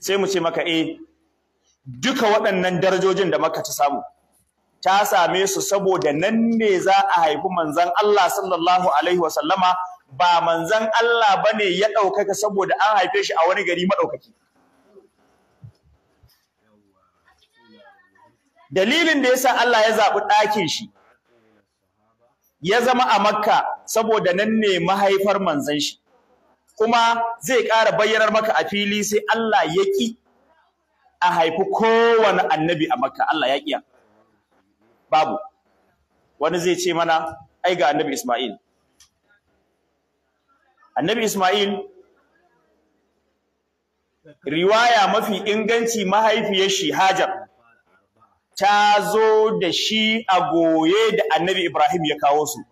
sai mu ce maka E, duka waɗannan darajojin da maka ta samu ta same su saboda nan ne za a haifi manzon Allah sallallahu alaihi wasallama ba manzan Allah bane ya ɗaukaka saboda an haife shi a wani gari maɗaukaki dalilin da yasa Allah ya zaɓi ɗakin shi ya zama a Makka saboda nan ne mahaifar manzan shi kuma zai ƙara bayyanar maka a fili sai Allah ya ƙi a haifi kowane annabi a makka Allah ya ƙiya babu wani zai ce mana ai ga annabi Ismail annabi Ismail riwaya mafi inganci mahaifiyar shi Hajar ta zo da shi a goye da annabi Ibrahim ya kawo su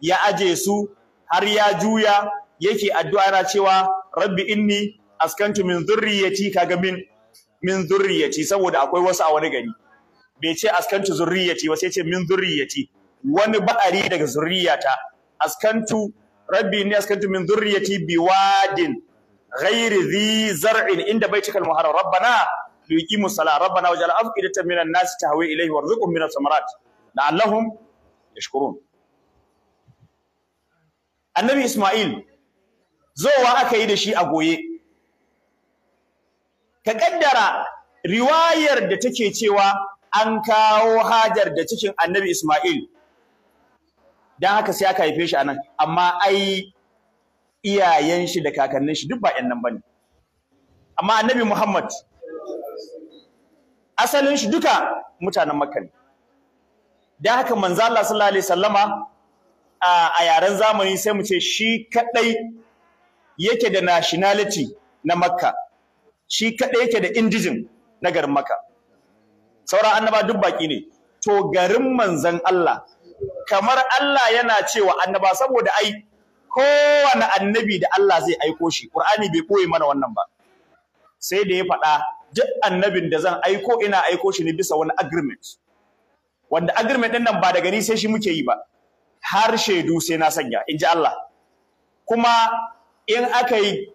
ya aje su har ya juya yake addu'a yana cewa rabbi inni askantu min zurriyati kaga min min zurriyati saboda akwai wasu a wani gari bai ce askantu zurriyati ba sai ce min zurriyati wani ba'ari daga zurriyata askantu rabbi inni askantu min zurriyati biwadin ghairi dhi zar'in inda bai baitikal muharram rabbana liqimu salat rabbana waj'al afqidatan minan nas tahwi ilayhi warzuqhum minas samarat la'allahum yashkurun annabi isma'il zowa aka yi da shi a goye ka kaddara riwayar da take cewa an kawo hajar da cikin annabi Ismail dan haka sai aka haife shi anan amma ai iyayen shi da kakannin shi duk ba ƴan nan bane amma annabi Muhammad asalin shi duka mutanen Makka ne dan haka manzo Allah sallallahu alaihi wasallama a yaren zamani sai mu ce shi kadai yake da nationality na makka shi kaɗai yake da indijin na garin makka sauran annaba duk baki ne to garin manzan Allah kamar Allah yana cewa annaba saboda ai kowane annabi da Allah zai aiko shi Qur'ani bai koyi mana wannan ba sai da ya faɗa duk annabin da zan aiko ina aiko shi ne bisa wani agreement wanda agreement ɗin nan ba daga ni sai shi muke yi ba har shaidu sai na sanya inji Allah kuma in aka yi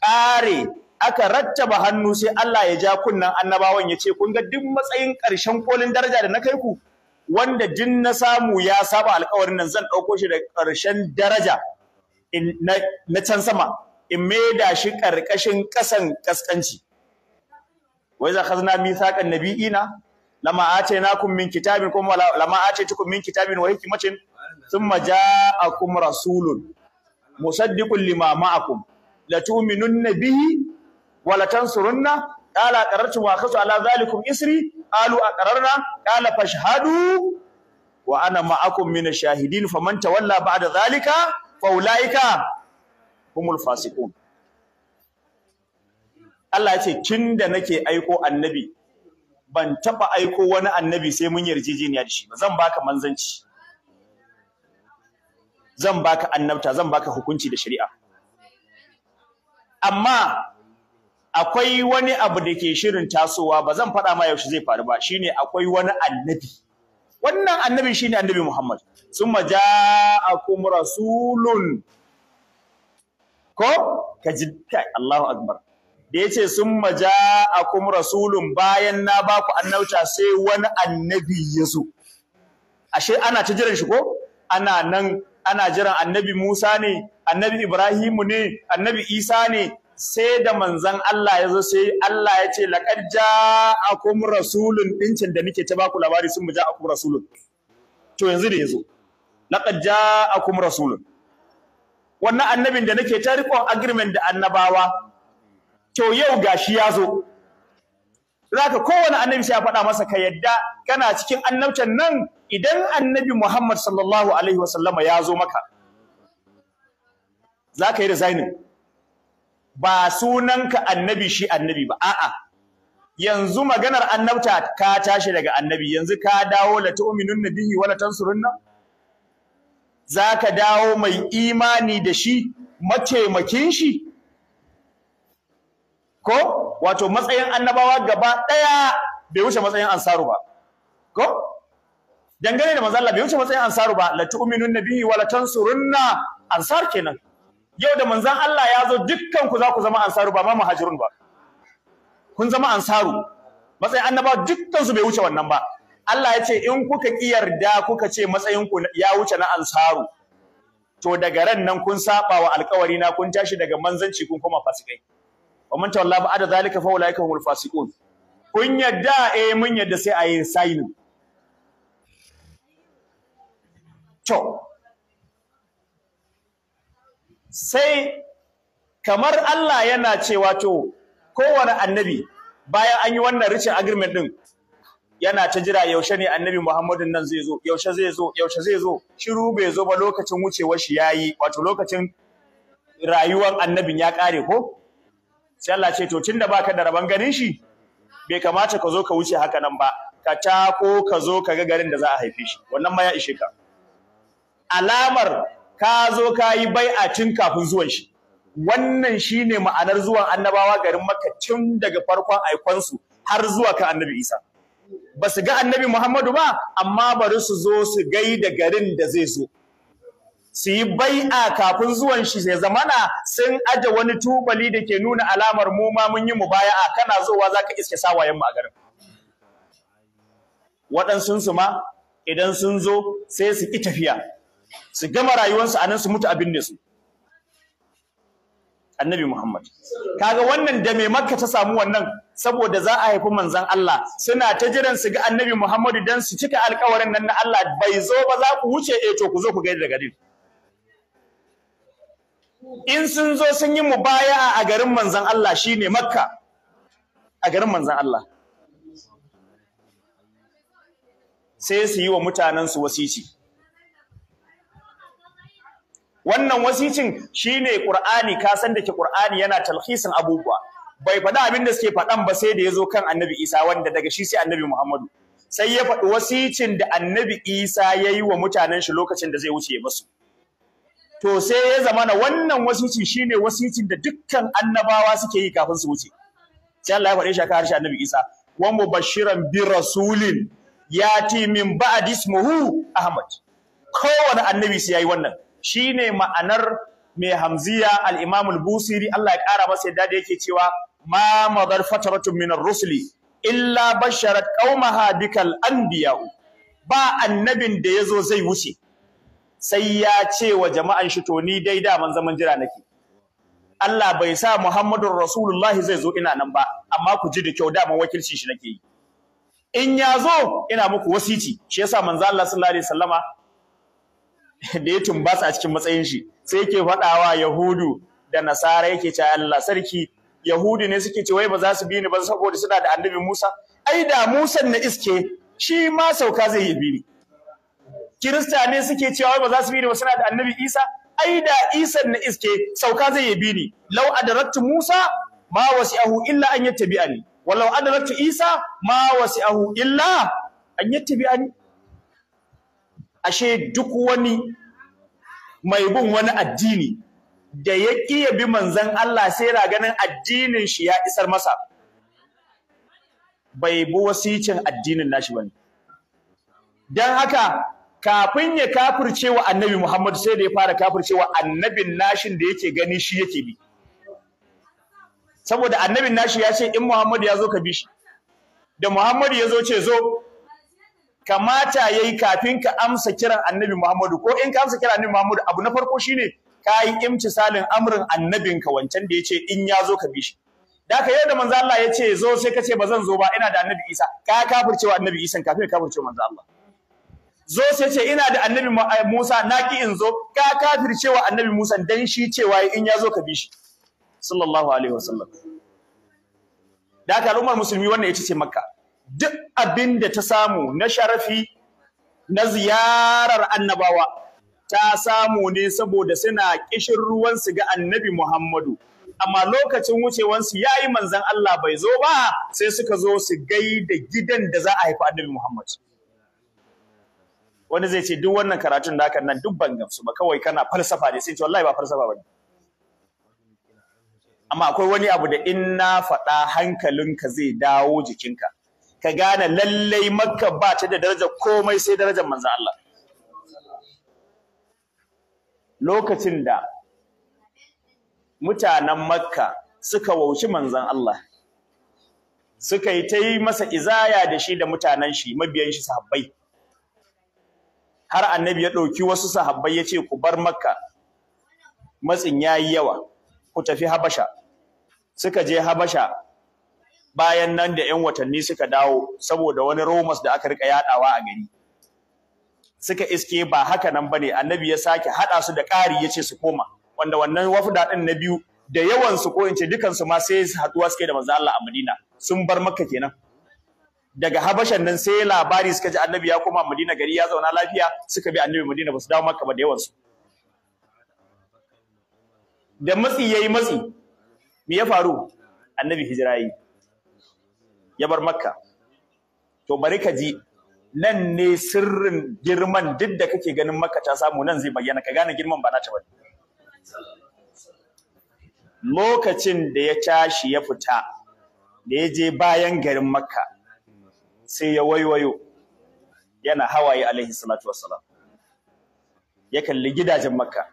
ƙare aka rattaba hannu sai Allah ya ja kunnan annabawan ya ce kun ga duk matsayin ƙarshen kolin daraja da na kai ku wanda duk na samu ya saba alƙawarin nan zan ɗauko shi da ƙarshen daraja na can sama in da shi ƙarƙashin ƙasan ƙasƙanci wai za khazna mithaqan nabiyina lama kun min kitabin kuma lama ataitukum min kitabin wa hikmatin a ja'akum rasulun musaddiqun lima ma'akum la tu'minunna bihi wa la tansurunna qala qararta wa ala zalikum isri qalu aqararna qala fashhadu wa ana ma'akum min ash-shahidin faman tawalla ba'da zalika fa ulaika humul fasiqun Allah yace tunda nake aiko annabi ban taba aiko wani annabi sai mun yarjejeniya da ba, zan baka manzanci zan baka annabta zan baka hukunci da shari'a amma akwai wani abu da ke shirin tasowa ba zan faɗa ma yaushe zai faru ba shine akwai wani annabi wannan annabi shine annabi Muhammad summa ja'akum rasulun ko kaji kai Allahu akbar da yace summa ja'akum rasulun bayan na baku annauta sai wani annabi yazo ashe ana ta jiran shi ko ana nan ana jiran annabi Musa ne annabi Ibrahimu ne annabi Isa ne sai da manzan Allah ya zo sai Allah ya ce a kuma rasulun ɗincin da nake ta baku labari sun mu kuma rasulun to yanzu da ya ja a kuma rasulun wannan annabin da nake ta riƙon agirmen da annabawa to yau gashi ya zo zaka kowane annabi sai ya faɗa masa ka yadda kana cikin annabcan nan idan annabi Muhammad sallallahu alaihi wasallama ya zo maka za ka yi resigning ba sunanka annabi shi annabi ba a'a yanzu maganar annabta ka tashi daga annabi yanzu ka dawo la tu'minunna bihi wa la tansurunna za ka dawo mai imani da shi mataimakin shi ko wato matsayin annabawa gaba ɗaya bai wuce matsayin ansaru ba ko dangane da manzo Allah bai wuce matsayin ansaru ba la tu'minun nabiyyi wa la tansurunna ansar kenan yau da manzon Allah ya zo dukkan ku za ku zama ansaru ba ma muhajirun ba kun zama ansaru matsayin annaba dukkan su bai wuce wannan ba Allah ya ce in kuka kiyarda kuka ce matsayin ku ya wuce na ansaru to daga ran nan kun saba wa alƙawari na kun tashi daga manzanci kun koma fasikai wa man tawalla ba zalika fa ulaika humul fasiqun kun yadda eh mun yadda sai a yi signing kyau sai kamar Allah yana cewa to kowane annabi bayan an yi wannan ricin agreement din yana ta jira yaushe ne annabi Muhammadu nan zai zo yaushe zai zo yaushe zai zo shiru bai zo ba lokacin wucewar shi yayi wato lokacin rayuwar annabin ya kare ko sai Allah ce to tunda baka da raban ganin shi bai kamata ka zo ka wuce haka nan ba ka ta ko ka zo ka ga garin da za a haife shi wannan ma ya ishe ka alamar ka zo ka yi bai'a cin kafin zuwan shi wannan shine ma'anar zuwan annabawa garin Makka tun daga farkon aikonsu har zuwa kan Annabi Isa ba su ga Annabi Muhammadu ba amma bari su zo su gai da garin da zai zo su yi bai'a kafin zuwan shi sai zamana sun aje wani tubali da ke nuna alamar mu ma mun yi mu a kana zowa ka iske sawayen mu a garin waɗansu su ma idan sun zo sai su ƙi tafiya su gama rayuwarsu a nan su mutu abin ne su annabi Muhammad kaga wannan da mai makka ta samu wannan saboda za a haifi manzon Allah suna ta jiran su ga annabi Muhammad dan su cika alƙawarin nan na Allah bai zo ba za ku wuce eh to ku zo ku ga daga din in sun zo sun yi mubaya'a a garin manzon Allah shine makka a garin manzon Allah sai su yi wa mutanensu wasici wannan wasicin shine qur'ani ka san da ke qur'ani yana talhisin abubuwa bai faɗi abin da suke faɗan ba sai da ya zo kan annabi isa wanda daga shi sai annabi muhammadu sai ya faɗi wasicin da annabi isa ya yi wa mutanen shi lokacin da zai wuce masu to sai ya zama na wannan wasicin shine wasicin da dukkan annabawa suke yi kafin su wuce sai Allah ya faɗe shi a harshen annabi isa wa mubashiran bi rasulin yati min ba'di ismuhu ahmad kowane annabi sai yayi wannan shine ma'anar mai hamziya al-Imam busiri Allah ya kara masa yadda da yake cewa ma madar fataratun min ar-rusuli illa basharat qaumaha bikal anbiya ba annabin da ya zo zai wuce sai ya ce wa jama'an shi to ni dai da man zaman jira nake Allah bai sa Muhammadun Rasulullahi zai zo ina nan ba amma ku ji da kyau da man wakilcin shi nake yi in ya zo ina muku wasici shi yasa manzo Allah sallallahu alaihi wasallama da ya tumbasa a cikin matsayin shi sai yake faɗawa yahudu da nasara yake ce Allah sarki yahudu ne suke ce wai ba za su bi ni ba saboda suna da annabi Musa ai da Musa na iske shi ma sauka zai yi bi ni kirista ne suke cewa wai ba za su bi ni ba suna da annabi Isa ai da Isa na iske sauka zai yi bi ni law adaraktu Musa ma wasi'ahu illa an yattabi'ani walau adaraktu Isa ma wasi'ahu illa an yattabi'ani ashe duk wani mai bin wani addini da ya kiya bi manzan Allah sai ra ganin addinin shi ya isar masa bai bi wasicin addinin nashi bane dan haka kafin ya wa annabi Muhammad sai da ya fara wa annabin nashin da yake gani shi yake bi saboda annabin nashi ya ce in Muhammad ya zo ka bi shi da Muhammad ya zo ce zo kamata ya yi kafin ka amsa kiran annabi Muhammadu ko in ka amsa kiran annabi Muhammadu abu na farko shine ka yi imtisalin amrin annabinka wancan da ya ce in ya zo ka bi shi da ka da manzo Allah ce zo sai ka ce ba zan zo ba ina da annabi Isa ka wa annabi Isa kafin ka kafirce manzo Allah zo sai ce ina da annabi eh, Musa ki in zo ka wa annabi Musa dan shi cewa in ya zo ka bi shi sallallahu alaihi wasallam da haka al'ummar musulmi wannan ya ce makka duk abin da ta samu na sharafi na ziyarar annabawa ta samu ne saboda suna kishin ruwansu ga annabi Muhammadu amma lokacin wucewansu ya yi manzan Allah bai zo ba sai suka zo su gai da gidan da za a haifi annabi Muhammadu. Wani zai ce duk wannan karatun da hakan nan duk ban gamsu ba kawai kana falsafa ne sai ce wallahi ba falsafa ba ne. Amma akwai wani abu da in na faɗa hankalinka zai dawo jikinka. ka gane lallai makka ba ta da daraja komai sai darajar manzan Allah lokacin da mutanen makka suka wauci manzan Allah suka yi ta yi masa izaya da shi da mutanen shi mabiyan shi sahabbai har annabi ya ɗauki wasu sahabbai ya ce ku bar makka matsin ya yi yawa ku tafi habasha suka je habasha bayan nan da 'yan watanni suka dawo saboda wani romas da aka rika yadawa a gari suka iske ba haka nan bane annabi ya sake hada su da ƙari yace su koma wanda wannan wafda din na biyu da yawan su ko ince dukan su ma sai haduwa suke da manzo Allah a Madina sun bar Makka kenan daga Habashan nan sai labari suka ji annabi ya koma Madina gari ya zauna lafiya suka bi annabi Madina ba su dawo Makka ba da yawan su da matsi yayi matsi me ya faru annabi hijira yi ya bar makka to bari ka ji nan ne sirrin girman duk da kake ganin makka ta samu nan zai bayyana ka gane girman ba na ta bane lokacin da ya tashi ya fita da ya je bayan garin makka sai ya waiwayo yana hawaye alaihi salatu wassalam ya kalli gidajen makka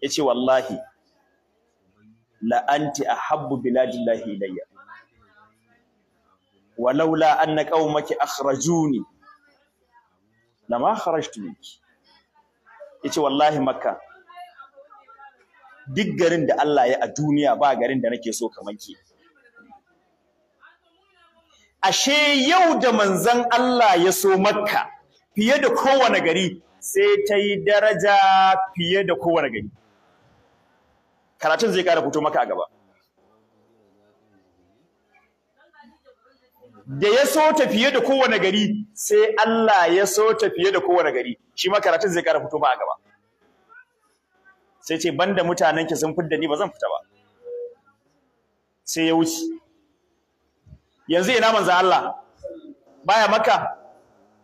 ya ce wallahi la'anti a habbu biladillahi ilayya walaula anna qaumaki akhrajuni lama kharajtu minki yace wallahi makka duk garin da Allah ya a duniya ba garin da nake so kamar ki ashe yau da manzon Allah ya so makka fiye da kowane gari sai ta yi daraja fiye da kowane gari karatun zai kara fito maka a gaba da ya so tafiye da kowane gari sai Allah ya so tafiye da kowane gari shi ma zai kara fito ba a gaba sai ce banda mutanen ki sun fidda ni ba zan fita ba sai ya wuce yanzu ina manzo Allah baya makka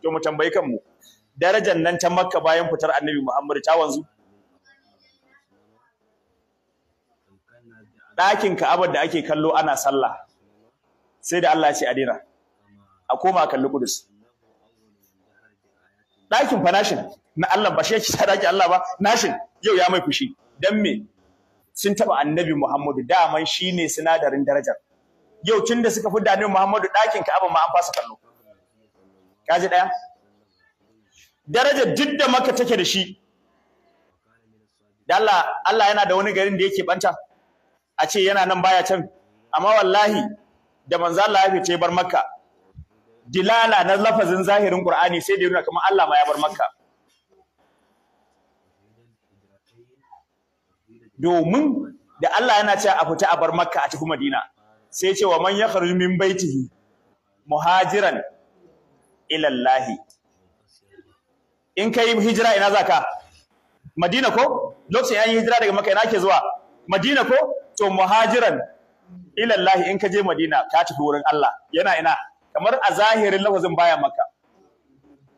to mu tambayi kanmu darajar nan ta makka bayan fitar annabi Muhammad ta wanzu ɗakin Ka'abar da ake kallo ana sallah sai da Allah ce a daina a koma a kalli Kudus. Ɗakin fa nashin na Allah ba shi yake sa ɗakin Allah ba nashin yau ya mai fushi dan me sun taɓa annabi Muhammadu daman shi ne sinadarin darajar. Yau tun da suka fi da annabi Muhammadu ɗakin ka ma an fasa kallo. Kaji ɗaya? Darajar duk da maka take da shi da Allah yana da wani garin da yake ɓanta? a ce yana nan baya can amma wallahi da manzo Allah ya fice bar Makka dilala na lafazin zahirin Qur'ani sai da yana kamar Allah ma ya bar Makka domin da Allah yana cewa a fita a bar Makka a tafi Madina sai ce wa man yakhruju min baitihi muhajiran ila Allah in kai hijira ina zaka Madina ko lokacin yayin hijira daga Makka ina ke zuwa Madina ko to muhajiran ila Allah in ka je Madina ka tafi wurin Allah yana ina kamar a zahirin lafazin baya maka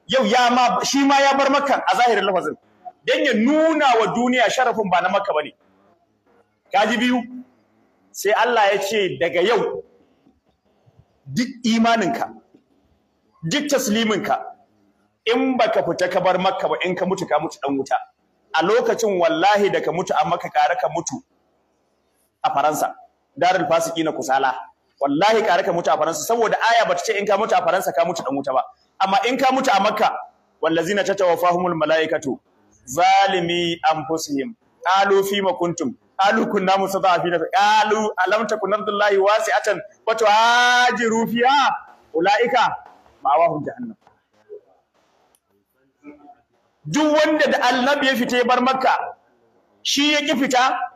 yau ya ma shi ma ya bar maka a zahirin lafazin dan ya nuna wa duniya sharafin ba na maka bane kaji biyu sai Allah ya ce daga yau duk imaninka duk tasliminka in baka fita ka bar makka ba in ka mutu ka mutu dan wuta a lokacin wallahi da ka mutu a maka kare ka mutu a faransa darul fasiki na kusala wallahi kare ka mutu a faransa saboda aya bata ce in ka mutu a faransa ka mutu dan wuta ba amma in ka mutu a makka wallazina tatawaffahumul malaikatu zalimi anfusihim qalu ma kuntum qalu kunna mustada'afina qalu alam takun ardullahi wasi'atan wa tuhajiru fiha ulaika ma'awahum jahannam duk wanda da annabi ya fita ya bar makka shi ya ki fita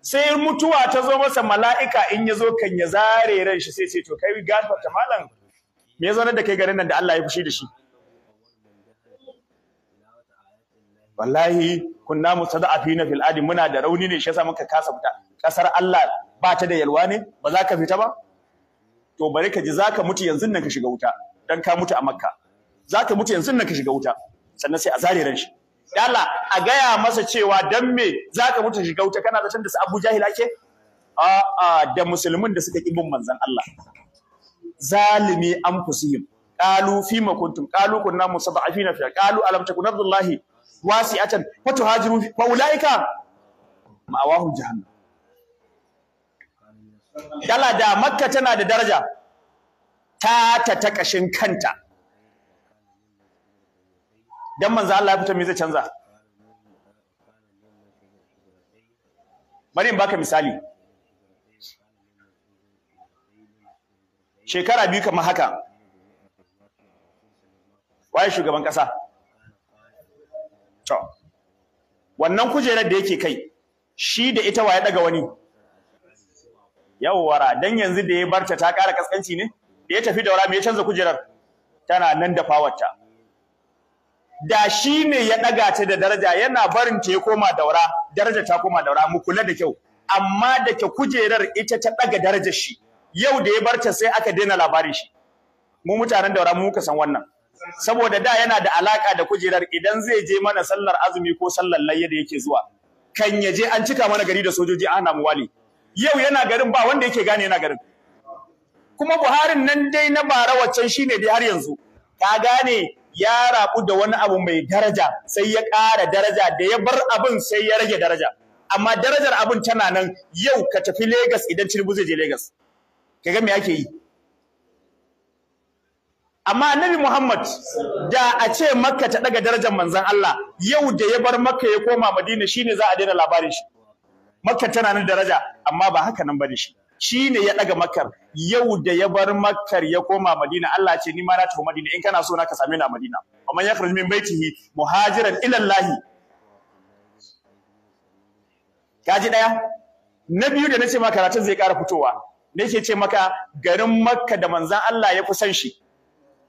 sai mutuwa ta zo masa mala'ika in ya zo kan ya zare ran shi sai sai to kai gafarta malam me ya zaunar da kai garin nan da Allah ya fushi da shi wallahi kunna fi fil adi muna da rauni ne shi yasa muka kasa fita kasar Allah ba ta da yalwa ne ba za ka fita ba to bari ka ji zaka mutu yanzu nan ka shiga wuta dan ka mutu a Makka zaka mutu yanzu nan ka shiga wuta sannan sai a zare ran shi dala a gaya masa cewa dan me zaka mutu shiga wuta kana zaton da su Abu Jahil ake a a da musulmin da suka ki bin manzon Allah zalimi an anfusihim qalu fima kuntum qalu kunna mustada'afina fi qalu alam takun abdullahi wasi'atan fatuhajiru fa ulaika ma'awahum jahannam dala da makka tana da daraja ta ta ta kashin kanta dan manzo Allah ya fita me zai canza Maryam baka misali shekara biyu kamar haka waye shugaban kasa to wannan kujerar da yake kai shi da ita waye daga wani yawwara dan yanzu da ya barta ta kara kaskanci ne da ya tafi daura me ya canza kujerar tana nan da fawarta da shi ne ya ɗaga ta da daraja yana barin ta ya koma daura daraja ta koma daura mu kula da kyau amma da ke kujerar ita ta ɗaga darajar shi yau da ya barta sai aka daina labarin shi mu mutanen daura mu muka san wannan saboda da yana da alaka da kujerar idan zai je mana sallar azumi ko sallar layya da yake zuwa kan ya je an cika mana gari da sojoji ana mu wali yau yana garin ba wanda yake gane yana garin kuma Buharin nan dai na bara waccan shine dai har yanzu ka gane ya rabu da wani abu mai daraja sai ya ƙara daraja da ya bar abin sai ya rage daraja amma darajar abin tana nan yau ka tafi Legas idan Tinubu zai je Legas, ka ga me ake yi amma annabi Muhammad da a ce Makka ta daga darajar manzon Allah yau da ya bar Makka ya koma Madina shine za a daina labarin shi Makka tana nan daraja amma ba haka nan bane shi shine ya daga makar yau da ya bar makar ya koma madina Allah ce ni ma na tafi madina in kana so na ka same ni a madina amma ya kharaj min baitihi muhajiran ila Allah kaji daya na biyu da nace maka karatun zai ƙara fitowa nake ce maka garin makka da manzan Allah ya fi son shi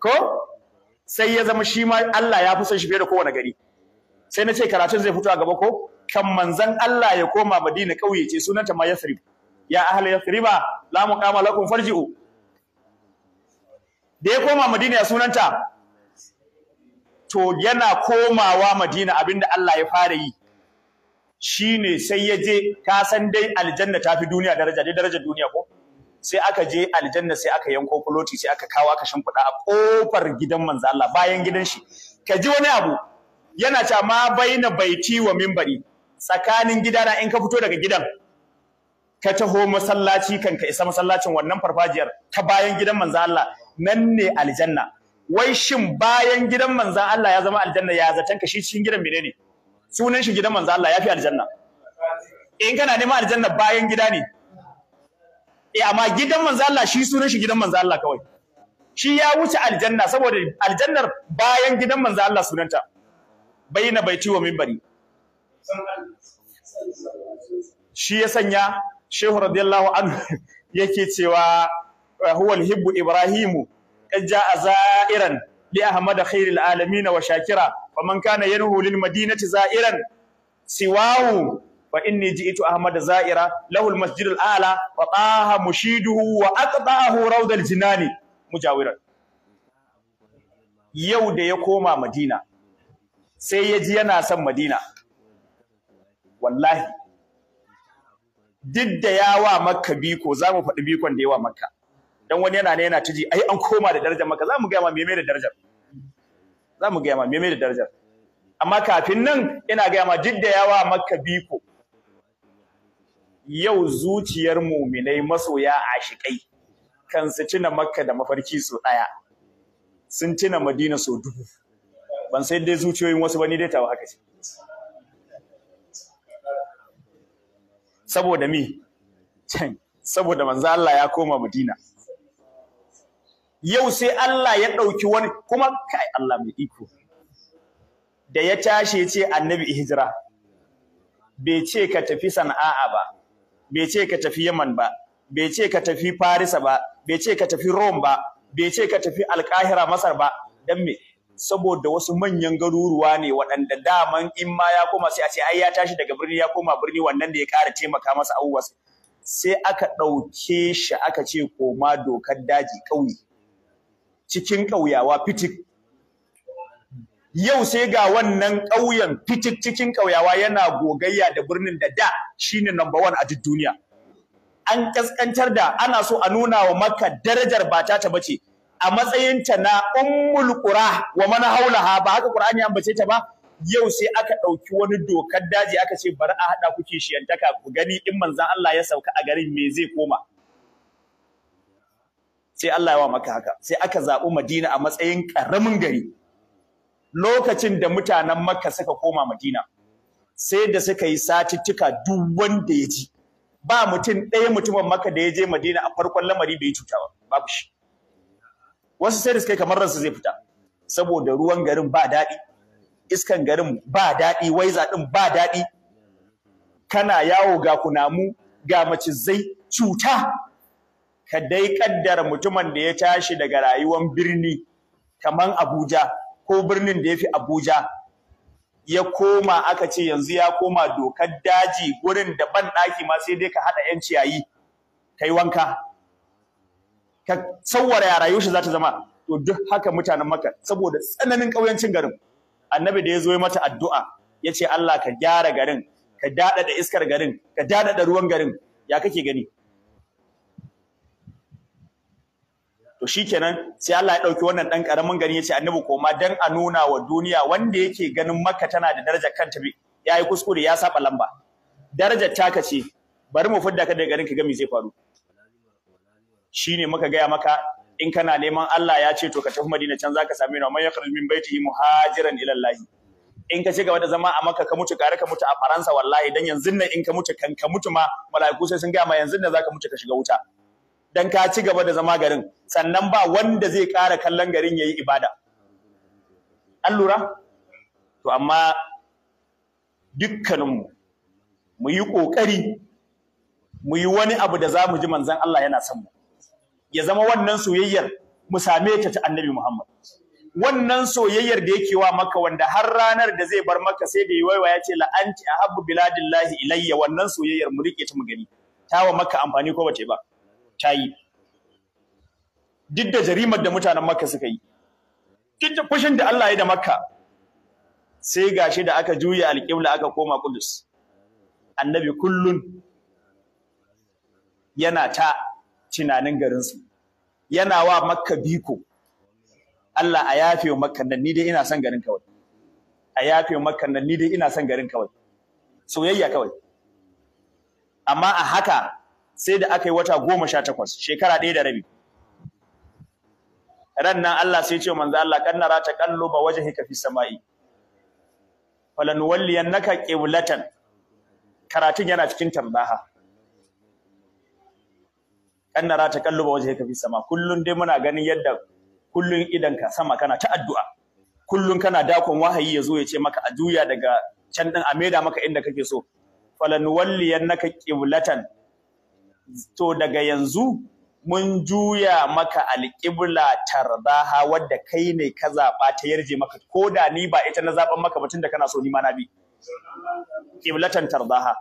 ko sai ya zama shi ma Allah ya fi son shi fiye da kowane gari sai na ce karatun zai fito a gaba ko kan manzan Allah ya koma Madina ƙauye ce sunanta ma yasrib ya ahli yathriba la muqama lakum farji'u da ya koma madina ya sunanta to yana komawa madina abinda Allah ya fara yi shine sai ya je ka san dai aljanna ta fi duniya daraja dai darajar duniya ko sai aka je aljanna sai aka yanko fuloti sai aka kawo aka shimfida a kofar gidan manzo Allah bayan gidan shi ka ji wani abu yana cewa ma baina baiti wa minbari tsakanin gidana in ka fito daga gidan ka taho masallaci kan ka isa masallacin wannan farfajiyar ta bayan gidan manzo Allah nan ne aljanna wai shin bayan gidan manzo Allah ya zama aljanna ya zatan ka shi cikin gidan menene sunan shi gidan manzo Allah yafi aljanna in kana neman aljanna bayan gida ne eh amma gidan manzo Allah shi sunan shi gidan manzo Allah kawai shi ya wuce aljanna saboda aljannar bayan gidan manzo Allah sunanta bayyana baiti wa minbari shi ya sanya shehu radiyallahu anhu yake cewa eh, huwa alhibbu ibrahimu ja a za'iran li ahmad khairil alamin wa shakira faman kana yanhu lil madinati za'iran siwahu fa inni ji'tu ahmad za'ira lahu al-ala wa taha mushiduhu wa aqta'ahu rawd jinani. mujawiran yau da ya koma madina sai ya ji yana son madina wallahi duk da wa makka biko za mu faɗi bikon da ya wa makka dan wani yana ne yana ta ji ai an koma da darajar makka za mu gaya ma me da darajar za mu gaya ma me da darajar amma kafin nan ina gaya ma duk da wa makka biko yau zuciyar muminai masoya ashikai kan su tuna makka da mafarki su ɗaya sun tuna madina so dubu ban sai dai zuciyoyin wasu ba ni dai tawa haka ce saboda mi saboda manzo Allah ya koma Madina yau sai Allah ya ɗauki wani kuma kai Allah mai iko da ya tashi ya ce annabi hijira bai ce ka tafi sana'a ba bai ce ka tafi yaman ba bai ce ka tafi farisa ba bai ce ka tafi rome ba bai ce ka tafi alkahira masar ba dan me saboda wasu manyan garuruwa ne waɗanda daman in ma ya koma sai a ce ai ya tashi daga birni ya koma birni wannan da ya ƙara taimaka masa abubuwa sai aka ɗauke shi aka ce koma dokar daji ƙauye cikin ƙauyawa fitik yau sai ga wannan ƙauyen fitik cikin ƙauyawa yana gogayya da birnin da da shine number one a duk duniya an kaskantar da ana so a nuna wa maka darajar ba ta bace a matsayin ta na ummul qura wa man haulaha ba haka qur'ani bace ta ba yau sai aka ɗauki wani dokar daji aka ce bari a haɗa kuke shiyantaka ku gani in manzan Allah ya sauka a garin me zai koma sai Allah ya wa maka haka sai aka zaɓi Madina a matsayin karamin gari lokacin da mutanen Makka suka koma Madina sai da suka yi tuka duk wanda ya ji ba mutum ɗaya mutumin Makka da ya je Madina a farkon lamari bai cuta ba babu shi wasu sai da suka kamar ransa zai fita saboda ruwan garin ba daɗi iskan garin ba daɗi wai zaɗin ba daɗi kana yawo ga kunamu ga macizai cuta ka dai kaddara mutumin da ya tashi daga rayuwar birni kamar Abuja ko birnin da ya fi Abuja ya koma aka ce yanzu ya koma dokar daji gurin da ban ɗaki ma sai dai ka haɗa 'yan ciyayi kai wanka ka tsawara yara yaushe za ta zama to duk haka mutanen maka saboda tsananin ƙauyancin garin annabi da ya zo ya mata addu'a ya ce Allah ka gyara garin ka daɗaɗa iskar garin ka daɗaɗa ruwan garin ya kake gani to shikenan sai Allah ya ɗauki wannan ɗan ƙaramin gari ya ce annabi koma dan a nuna wa duniya wanda yake ganin maka tana da darajar kanta ya yi kuskure ya saba lamba Daraja taka ce bari mu fidda ka daga garin ka ga me zai faru Shi shine muka gaya maka in kana neman Allah ya ce to ka tafi Madina can zaka same ni ya yakhruj min mu muhajiran ila Allah in ka ci gaba da zama a Makka ka mutu kare ka mutu a Faransa wallahi dan yanzu nan in ka mutu kan ka mutu ma malaiku sai sun gaya ma yanzu nan zaka mutu ka shiga wuta dan ka ci gaba da zama garin sannan ba wanda zai kara kallon garin yayi ibada an lura to amma dukkaninmu mu yi ƙoƙari mu yi wani abu da za mu ji manzan Allah yana son mu ya zama wannan soyayyar mu same ta ta annabi Muhammad wannan soyayyar da yake wa maka wanda har ranar da zai bar maka sai da yayi ya ce la a ahabbu biladillahi ilayya wannan soyayyar mu rike ta mu gani ta wa maka amfani ko bace ba tayi yi duk da jarimar da mutanen maka suka yi duk da fushin da Allah ya da maka sai gashi da aka juya alƙibla aka koma kudus annabi kullun yana ta tunanin garinsu yana wa makka biko Allah a yafe wa makka nan ni dai ina son garin kawai a yafe wa makka nan ni dai ina son garin kawai soyayya kawai amma a haka sai da aka yi wata goma sha takwas shekara ɗaya da rabi ran nan Allah sai ce wa manzo Allah kan nara ta kallo ba wajhika fi sama'i falan walliyannaka qiblatan karatun yana cikin tambaha kan nara ba wajen kafin sama kullun dai muna ganin yadda kullum idan sama kana ta addu'a Kullum kana dakon wahayi ya zo ya ce maka a juya daga can ɗin a maida maka inda kake so falan walliyannaka qiblatan to daga yanzu mun juya maka alƙibla tardaha wadda kai ne ka zaɓa ta yarje maka ko da ni ba ita na zaɓan maka ba tunda kana so ni ma na bi qiblatan tardaha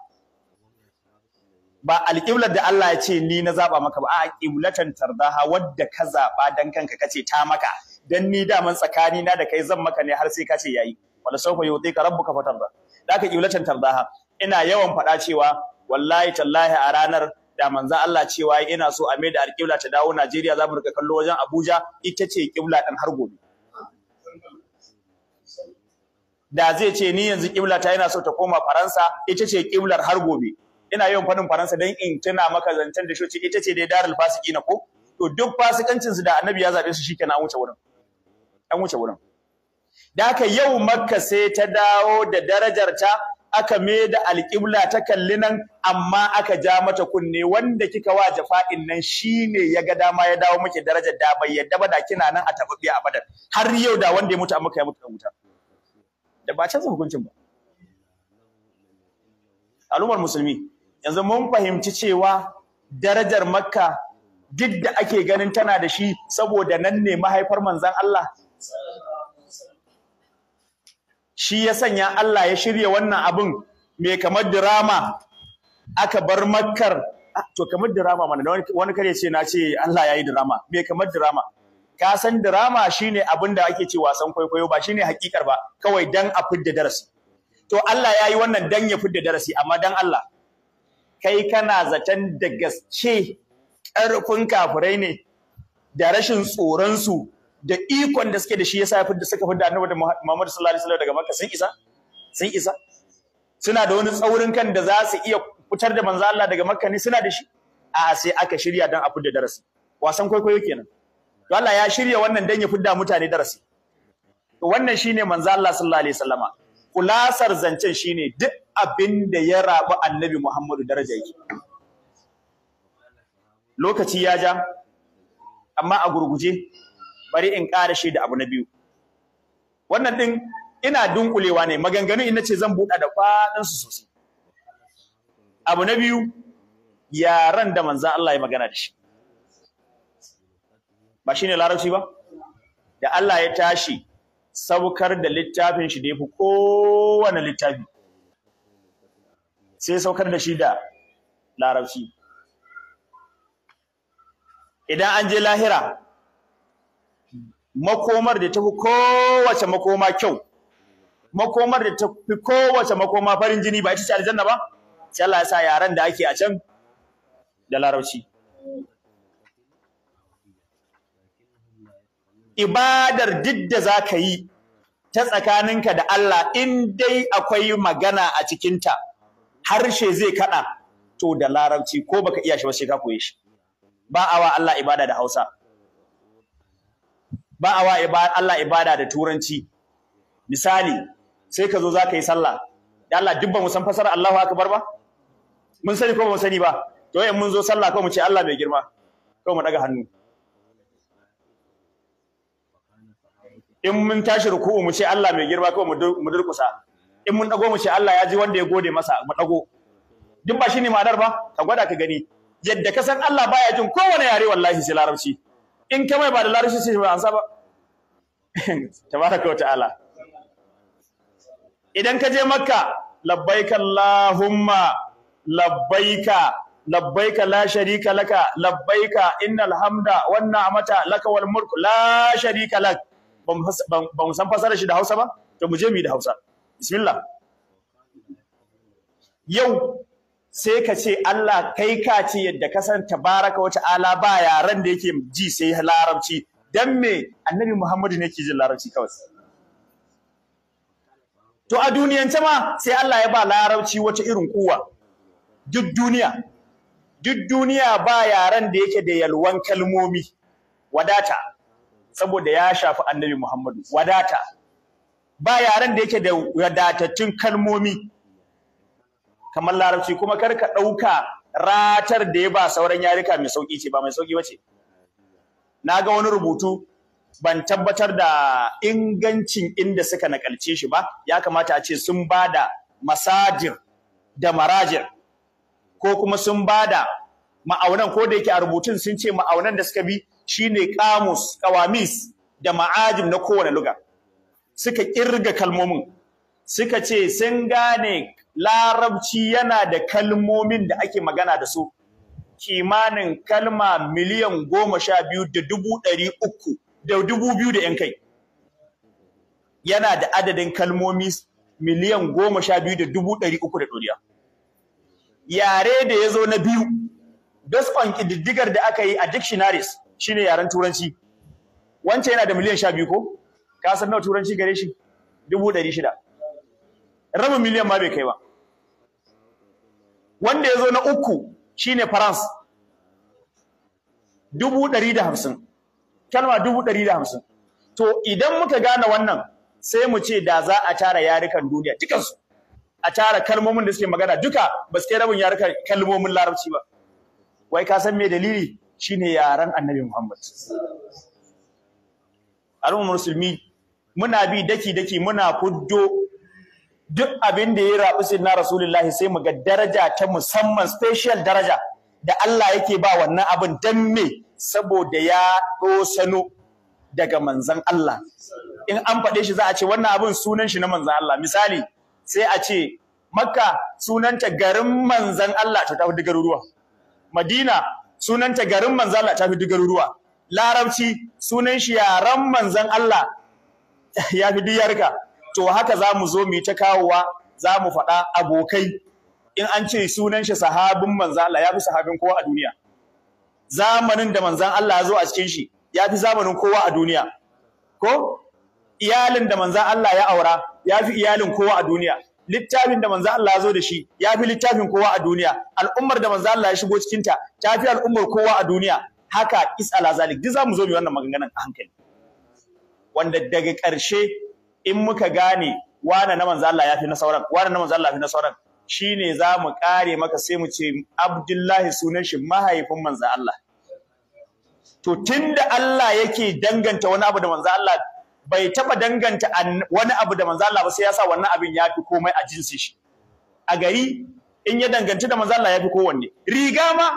ba alƙiblar da Allah ya ce ni na zaba maka ba a ƙiblatan tardaha wadda ka zaba dan kanka kace ta maka dan ni daman tsakani na da kai zan maka ne har sai ka ce yayi wala sawfa yutika rabbuka fatarda da ka ƙiblatan tardaha ina yawan faɗa cewa wallahi tallahi a ranar da manzo Allah cewa ina so a maida alƙibla ta dawo Najeriya za mu rika kallo wajen Abuja ita ce ƙibla ɗin har gobe da zai ce ni yanzu ƙibla ta yana so ta koma Faransa ita ce ƙiblar har gobe ina yawan fadin faransa don in tuna maka zancen da shoci ita ce dai darul fasiki na ko to duk fasikancin su da annabi ya zabe su shikenan an wuce wurin an wuce wurin da aka yau makka sai ta dawo da darajar ta aka me da alƙibla ta kalli nan amma aka ja mata kunne wanda kika wa jafa'in nan shine ya ga dama ya dawo muke darajar da bai yadda ba da kina nan a tababbi a badar har yau da wanda ya mutu amma kai mutu da wuta da ba canza hukuncin ba al'ummar musulmi yanzu mun fahimci cewa darajar makka duk da ake ganin tana da shi saboda nan ne mahaifar manzan Allah shi ya sanya Allah ya shirya wannan abin mai kamar dirama aka bar makkar ah, to kamar dirama mana wani kare ce na ce Allah ya yi dirama mai kamar dirama ka san dirama shine abin da ake ce wasan kwaikwayo ba shine hakikar ba kawai dan a fidda darasi to Allah ya yi wannan dan ya fidda darasi amma dan Allah kai kana zaton da gaske ƙarfin kafirai ne da rashin tsoronsu da ikon da suke da shi yasa da suka fi da annabi da Muhammadu sallallahu alaihi daga Makka sun isa sun isa suna da wani tsaurin kan da za su iya fitar da manzo Allah daga Makka ne suna da shi a sai aka shirya dan a fidda darasi wasan kwaikwayo kenan to Allah ya shirya wannan dan ya fidda mutane darasi wannan shine manzo Allah sallallahu alaihi kulasar zancen shine duk abin da ya rabu annabi Muhammadu daraja yake lokaci ya ja amma a gurguje bari in ƙara shi da abu na biyu wannan din ina dunkulewa ne maganganun ina ce zan buɗa da kwaɗin su sosai abu na biyu yaran da manzan Allah ya magana da shi ba shine larabci ba da Allah ya tashi saukar da littafin shi da fi kowane littafi sai saukar da shi da larabci idan an je lahira makomar da ta fi kowace makoma kyau makomar da ta fi kowace makoma farin jini ba ita ce aljanna ba sai Allah ya sa yaran da ake a can da larabci ibadar duk da za ka yi ta tsakaninka da Allah in dai akwai magana a cikinta harshe zai kaɗa to da larabci ko baka iya shi ba sai ka koye shi ba awa Allah ibada da Hausa ba awa Allah ibada da turanci misali sai ka zo za ka yi sallah da Allah dubba mu san fasara Allahu akbar ba mun sani ko ba mu sani ba to in mun zo sallah ko mu ce Allah mai girma ko mu daga hannu in mun tashi ruku'u mu ce Allah mai girma kawai mu durkusa in mun dago mu ce Allah ya ji wanda ya gode masa mu dago duk ba shine ma'anar ba ka gwada ka gani yadda ka san Allah baya jin kowane yare wallahi sai larabci in ka mai ba da larabci sai ba ansa ba tabaraka wa ta'ala idan ka je makka labbaika allahumma labbaika labbaika la sharika laka labbaika innal hamda wan ni'mata laka wal mulk la sharika laka ba mu san fasara shi da Hausa ba to mu je mu da Hausa bismillah yau sai ka ce Allah kai ka ce yadda ka san tabaraka wata ala ba yaran da yake ji sai larabci dan me annabi Muhammadu ne yake jin larabci kawai to a ta ma sai Allah ya ba larabci wata irin kuwa duk duniya duk duniya ba yaren da yake da yalwan kalmomi wadata saboda ya shafi annabi Muhammadu wadata ba yaren da yake da wadatattun kalmomi kamar larabci kuma kar ka ɗauka ratar da ya ba sauran yarika mai sauki ce ba mai sauƙi ba ce na ga wani rubutu ban tabbatar da ingancin inda suka nakalce shi ba ya kamata a ce sun ba da masajir da marajir ko kuma sun ba da ma'aunan ko da yake a rubutun sun ce ma'aunan da suka bi shine kamus kawamis da ma'ajim na kowane luga suka kirga kalmomin suka ce sun gane larabci yana da kalmomin da ake magana da su kimanin kalma miliyan goma sha biyu da dubu ɗari uku da dubu biyu da ‘yan kai yana da adadin kalmomi miliyan goma sha biyu da dubu ɗari uku da ɗoriya yare da ya zo na biyu daskon ƙididdigar da aka yi a dictionaries shine yaren turanci wancan yana da miliyan sha biyu ko ka san nawa turanci gare shi dubu ɗari shida rabin miliyan ma bai kai ba wanda ya zo na uku shine France dubu ɗari da hamsin kalma dubu ɗari da hamsin to idan muka gane wannan sai mu ce da za a tara yarukan duniya dukansu a tara kalmomin da suke magana duka ba su kai rabin yarukan kalmomin larabci ba wai ka san me dalili shine yaran annabi Muhammad al'ummar musulmi muna bi daki daki muna fuddo duk abin da ya rabu na rasulullahi sai mu ga daraja ta musamman special daraja da Allah yake ba wannan abin dan me saboda ya dosano daga manzan Allah in an faɗe shi za a ce wannan abin sunan shi na manzan Allah misali sai a ce makka sunanta garin manzan Allah ta tafi garuruwa madina sunanta garin manzo Allah ta fi duk garuruwa larabci sunan shi yaran manzon Allah ya fi duk yarka to haka za mu zo mu yi ta kawowa za mu faɗa abokai in an ce sunan shi sahabin manzo Allah ya fi sahabin kowa a duniya zamanin da manzon Allah ya zo a cikin shi ya fi zamanin kowa a duniya ko iyalin da manzon Allah ya aura ya fi iyalin kowa a duniya littafin da manzo Allah ya zo da shi ya fi littafin kowa a duniya al'ummar da manzo Allah ya shigo cikin ta ta fi al'ummar kowa a duniya haka is ala zalik duk zamu zo mu wannan maganganun a hankali wanda daga ƙarshe in muka gane wane na manzo Allah ya fi na sauran wane na manzo Allah ya fi na sauran shine za mu kare maka sai mu ce Abdullahi sunan shi mahaifin manzo Allah to tunda Allah yake danganta wani abu da manzo Allah bai taba danganta wani abu da manzo Allah ba sai ya sa wannan abin ya fi komai a jinsin shi a gari in ya danganci da manzo Allah ya fi kowanne riga ma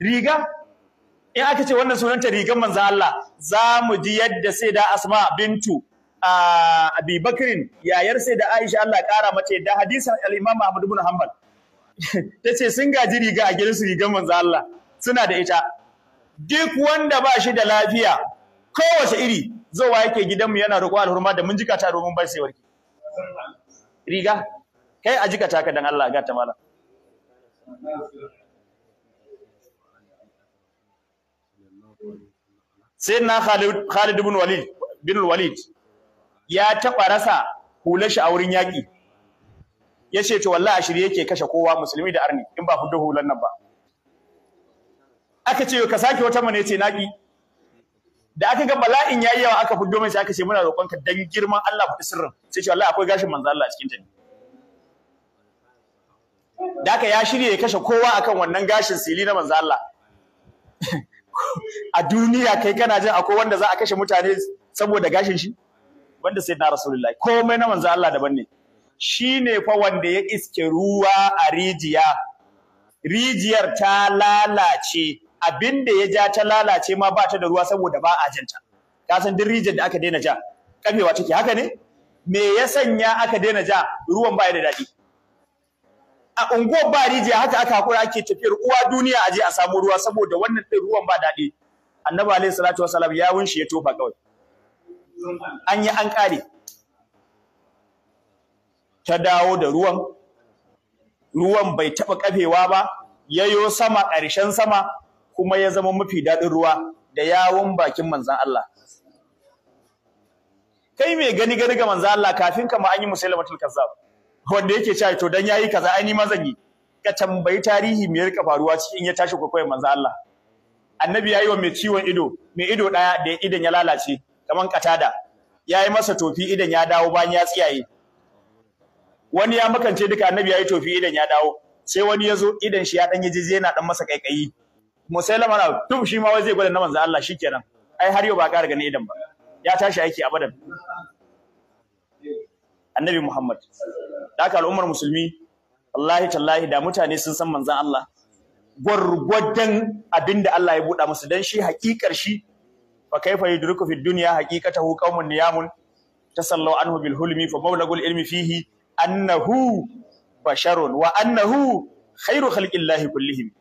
riga in aka ce wannan sunanta rigan manzo Allah za mu ji yadda sai da Asma bintu Abi Bakrin yayar sai da Aisha Allah kara mace da hadisin al-Imam Ahmad ibn Hanbal tace sun gaji riga a gidansu rigan manzo Allah suna da ita duk wanda ba shi da lafiya kowace iri zowa yake gidanmu yana roƙo alhurma da mun jikata domin bar sai warke riga kai a jikata ka dan Allah ga ta mala sayyidina Khalid Khalid ibn Walid bin Walid ya taɓa rasa hular shi a wurin yaƙi ya ce to wallahi a yake kashe kowa musulmi da arni in ba fudu hular nan ba aka ce ka sake wata mana ya ce naƙi da aka ga bala'in yayi yawa aka fuddo mai sai aka ce muna roƙonka dan girman Allah faɗi sirrin sai ce wallahi akwai gashin manzo Allah a cikin ta da aka ya shirye ya kashe kowa akan wannan gashin sili na manzo Allah a duniya kai kana jin akwai wanda za a kashe mutane saboda gashin shi wanda sai na rasulullahi komai na manzo Allah daban ne shine fa wanda ya iske ruwa a rijiya rijiyar ta lalace Abin da ya ja ta lalace ma ba ta da ruwa saboda ba a janta ka san duk region da aka daina ja kamewa take haka ne me ya sanya aka daina ja ruwan ba ya da daɗi a unguwar ba rijiya haka aka hakura ake tafiyar uwa duniya a je a samu ruwa saboda wannan din ruwan ba daɗi annabi alaihi salatu wasalam ya wunshi ya tofa kawai an yi an kare ta dawo da ruwan ruwan bai taɓa kafewa ba yayo sama ƙarshen sama kuma ya zama mafi daɗin ruwa da yawon bakin manzan Allah kai mai gani gani ga manzan Allah kafin kama an yi matul kazzab wanda yake cewa to dan yayi kaza ai ni ma zan yi ka tambayi tarihi me rika faruwa cikin ya tashi kwaikwayon manzan Allah annabi yayi wa mai ciwon ido mai ido daya da idan ya lalace kaman katada yayi masa tofi idan ya dawo bayan ya tsiyaye wani ya makance duka annabi yayi tofi idan ya dawo sai wani ya zo idan shi ya dan jijiya yana dan masa kaikayi musailama na tub shi ma wai zai gwada na manzo Allah shikenan ai har yau ba ƙara ganin idan ba ya tashi aiki abadan annabi Muhammad da al'ummar musulmi wallahi tallahi da mutane sun san manzon Allah gwargwadon abinda Allah ya buɗa musu dan shi hakikar shi fa kaifa yudriku fid dunya haqiqatahu qaumun niyamun tasallu anhu bil hulmi fa mawlagul ilmi fihi annahu basharun wa annahu khairu khalqillahi kullihim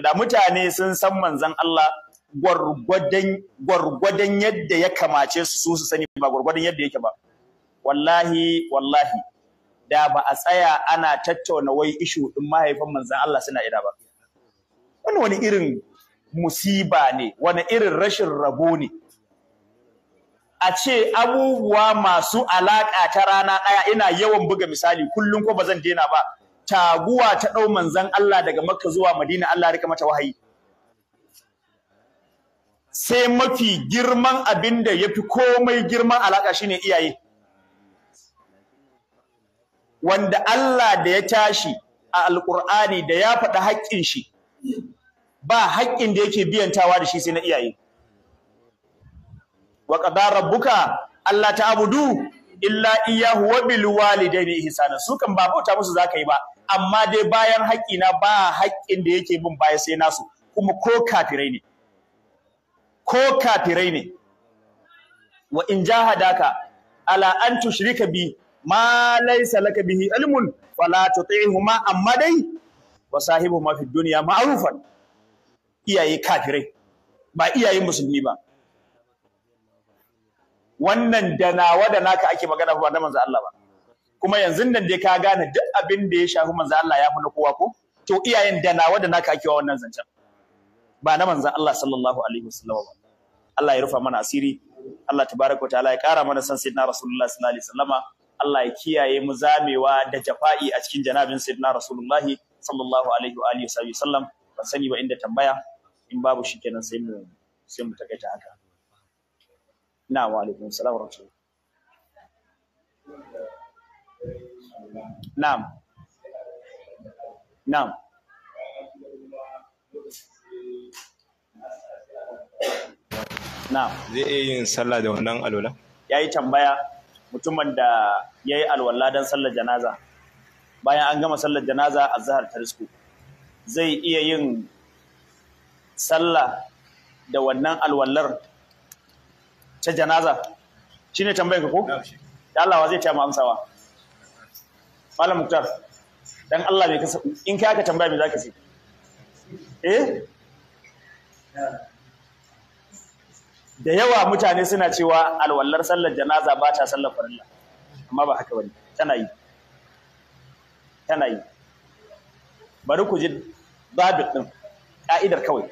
da mutane sun san manzon Allah gwargwadon yadda ya kamace su su sani ba gwargwadon yadda yake ba wallahi wallahi da ba a tsaya ana tattauna wai ishu din mahaifin manzon Allah suna ina ba wani wani irin musiba ne wani irin rashin rabo ne a ce abubuwa masu alaƙa ta rana ɗaya ina yawan buga misali kullum ko ba zan daina ba taguwa ta ɗau manzan Allah daga Makka zuwa Madina Allah rika mata wahayi sai mafi girman abinda da yafi komai girman alaka shine iyaye wanda Allah da ya tashi a Alƙur'ani da ya faɗi haƙƙin shi ba haƙƙin da yake tawa da shi sai na iyaye wa qada rabbuka Allah ta'budu illa iyyahu wa bil walidayni ihsana su kan ba musu zakai ba amma dai bayan haƙƙi na, ba haƙƙin da yake bin baya sai nasu kuma ko kafirai ne ko kafirai ne wa in jahadaka ala an tushrika bi ma laysa laka bihi ilmun fala tuti'huma amma dai wa sahibuhuma fid dunya ma'rufan iyaye kafirai ba iyayen musulmi ba wannan da nawa da naka ake magana ba da manzo Allah ba kuma yanzu nan dai ka gane duk abin da ya shafi manzo Allah ya fi na kowa ko to iyayen da nawa da naka ake wa wannan zancen ba na manzo Allah sallallahu alaihi wasallam ba Allah ya rufa mana asiri Allah tabaraka wa ta'ala ya kara mana san sayyidina rasulullah sallallahu alaihi wasallama Allah ya kiyaye mu zamewa da jafa'i a cikin janabin sayyidina rasulullah sallallahu alaihi wa alihi wasallam ban sani ba inda tambaya in babu shikenan sai mu sai mu takaita haka na wa alaikum assalam wa rahmatullahi Na'am. Na'am. Na'am. Zai iya yin sallah da wannan alwala? Ya yi tambaya mutumin da ya yi alwala don sallar janaza. Bayan an gama sallar janaza a zahar ta risku. Zai iya yin sallah da wannan alwallar ta janaza. Shi ne tambayar ka ko? Da Allah zai ta mu amsawa. malam muktar dan Allah mai kasa in kai aka tambaya mai za ka eh da yawa mutane suna cewa alwallar sallar janaza ba ta sallar farilla amma ba haka wani, tana yi tana yi bari ku ji babu ɗin, ƙa'idar kawai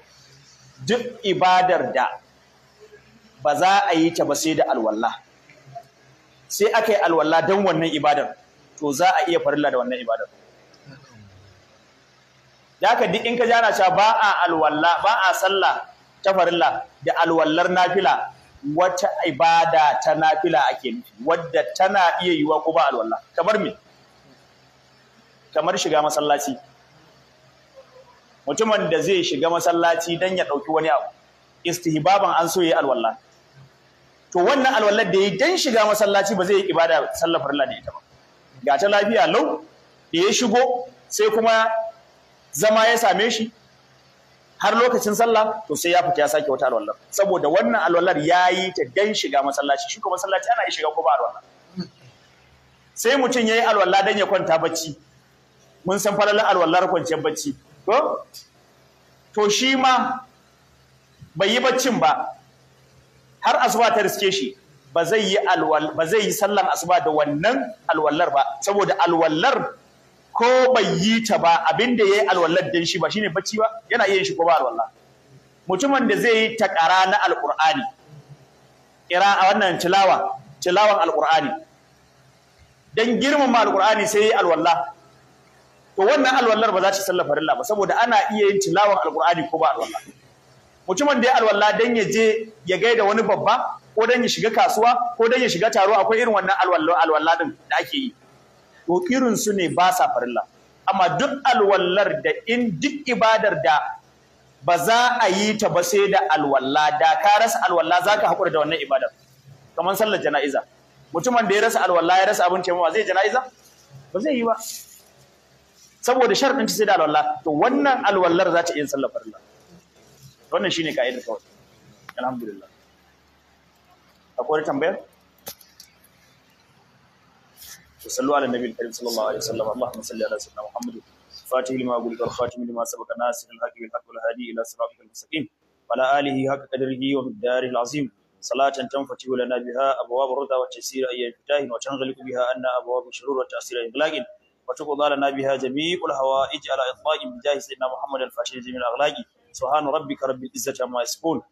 duk ibadar da ba za a yi ta ba sai da alwallah sai aka yi alwallah don wannan ibadar to za a iya farilla da wannan ibadar da ka duk in ka jana cewa ba a alwala ba a sallah ta farilla da alwallar nafila wata ibada ta nafila ake nufi wadda tana iya yiwa ko ba alwala kamar me kamar shiga masallaci mutumin da zai shiga masallaci dan ya dauki wani abu istihbaban an so yi alwala to wannan alwallar da yi don shiga masallaci ba zai yi ibada sallar farilla da ita ba ga ta lafiya lau da ya shigo sai kuma zama ya same shi har lokacin sallah to sai ya fita ya sake wata alwallar saboda wannan alwallar ya yi ta dan shiga masallaci shi kuma masallaci ana shiga ko ba alwallar sai mutum ya yi alwallar dan ya kwanta bacci mun san falalar alwallar kwanciyar bacci to shi ma bai yi baccin ba har asuba ta riske shi ba zai yi alwal ba zai yi sallan asuba da wannan alwallar ba saboda alwallar ko bai yi ta ba abinda yayi alwallar don shi ba shine bacci ba yana iya shi ko ba alwalla mutumin da zai yi takara na alqur'ani kira a wannan tilawa tilawan alqur'ani dan girmama alqur'ani sai alwalla to wannan alwallar ba za ta sallafa rilla ba saboda ana iya yin tilawan alqur'ani ko ba alwalla mutumin da ya alwalla dan ya je ya gaida wani babba ko dan ya shiga kasuwa ko dan ya shiga taro akwai irin wannan alwallo alwalladin da ake yi to irin su ne ba sa farilla amma duk alwallar da in duk ibadar da ba za a yi ta ba sai da alwalla da ka rasa alwalla za ka haƙura da wannan ibadar kamar sallar jana'iza mutumin da ya rasa alwalla ya rasa abin taimawa zai jana'iza ba zai yi ba saboda sharɗin ta sai da alwalla to wannan alwallar za ta iya sallar farilla wannan shine ka'idar kawai alhamdulillah akwai tambayar وصلوا على النبي الكريم صلى الله عليه وسلم allahumma salli على سيدنا محمد فاتح لما أقول الخاتم لما سبق ناصر الحق والحق والهادي الى صراطك المستقيم وعلى اله حق قدره ومقداره العظيم صلاة تنفتح لنا بها ابواب الرضا والتيسير اي انفتاح وتنغلق بها ان ابواب الشرور والتاثير إغلاق وتقضى لنا بها جميع الهوائج على اطلاق بجاه سيدنا محمد الفاتح لجميع الاغلاق سبحان ربك رب العزة عما يصفون